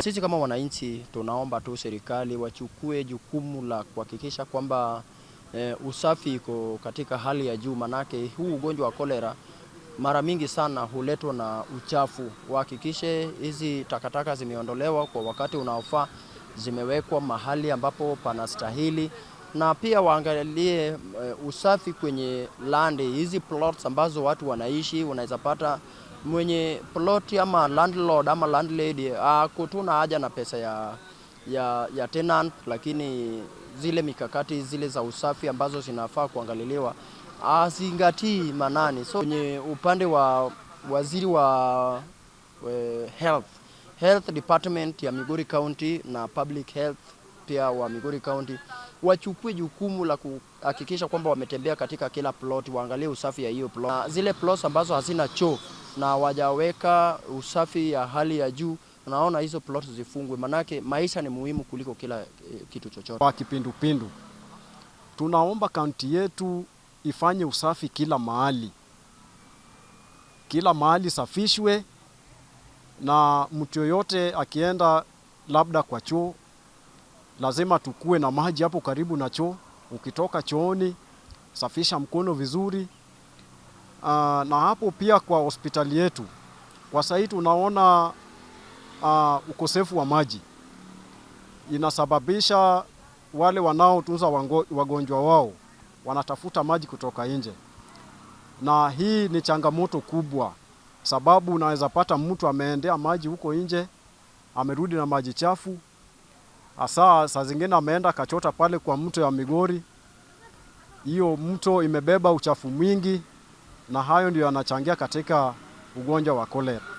Sisi kama wananchi tunaomba tu serikali wachukue jukumu la kuhakikisha kwamba eh, usafi iko katika hali ya juu, manake huu ugonjwa wa kolera mara mingi sana huletwa na uchafu. Wahakikishe hizi takataka zimeondolewa kwa wakati unaofaa, zimewekwa mahali ambapo panastahili na pia waangalie uh, usafi kwenye landi hizi plots ambazo watu wanaishi. Unaweza pata mwenye plot ama landlord ama landlady ah, akutuna uh, haja na pesa ya, ya, ya tenant, lakini zile mikakati zile za usafi ambazo zinafaa kuangaliliwa azingatii manani. So kwenye upande wa waziri wa we, eh, health health department ya Migori County na public health pia wa Migori County wachukue jukumu la kuhakikisha kwamba wametembea katika kila plot, waangalie usafi ya hiyo plot. Na zile plots ambazo hazina choo na wajaweka usafi ya hali ya juu, naona hizo plot zifungwe, manake maisha ni muhimu kuliko kila eh, kitu chochote. Kwa kipindupindu, tunaomba kaunti yetu ifanye usafi kila mahali, kila mahali safishwe, na mtu yoyote akienda labda kwa choo lazima tukuwe na maji hapo karibu na choo. Ukitoka chooni, safisha mkono vizuri. Uh, na hapo pia kwa hospitali yetu kwa sahii tunaona uh, ukosefu wa maji inasababisha wale wanaotunza wagonjwa wao wanatafuta maji kutoka nje, na hii ni changamoto kubwa, sababu unaweza pata mtu ameendea maji huko nje, amerudi na maji chafu hasa saa zingine ameenda kachota pale kwa mto ya Migori. Hiyo mto imebeba uchafu mwingi, na hayo ndio yanachangia katika ugonjwa wa kolera.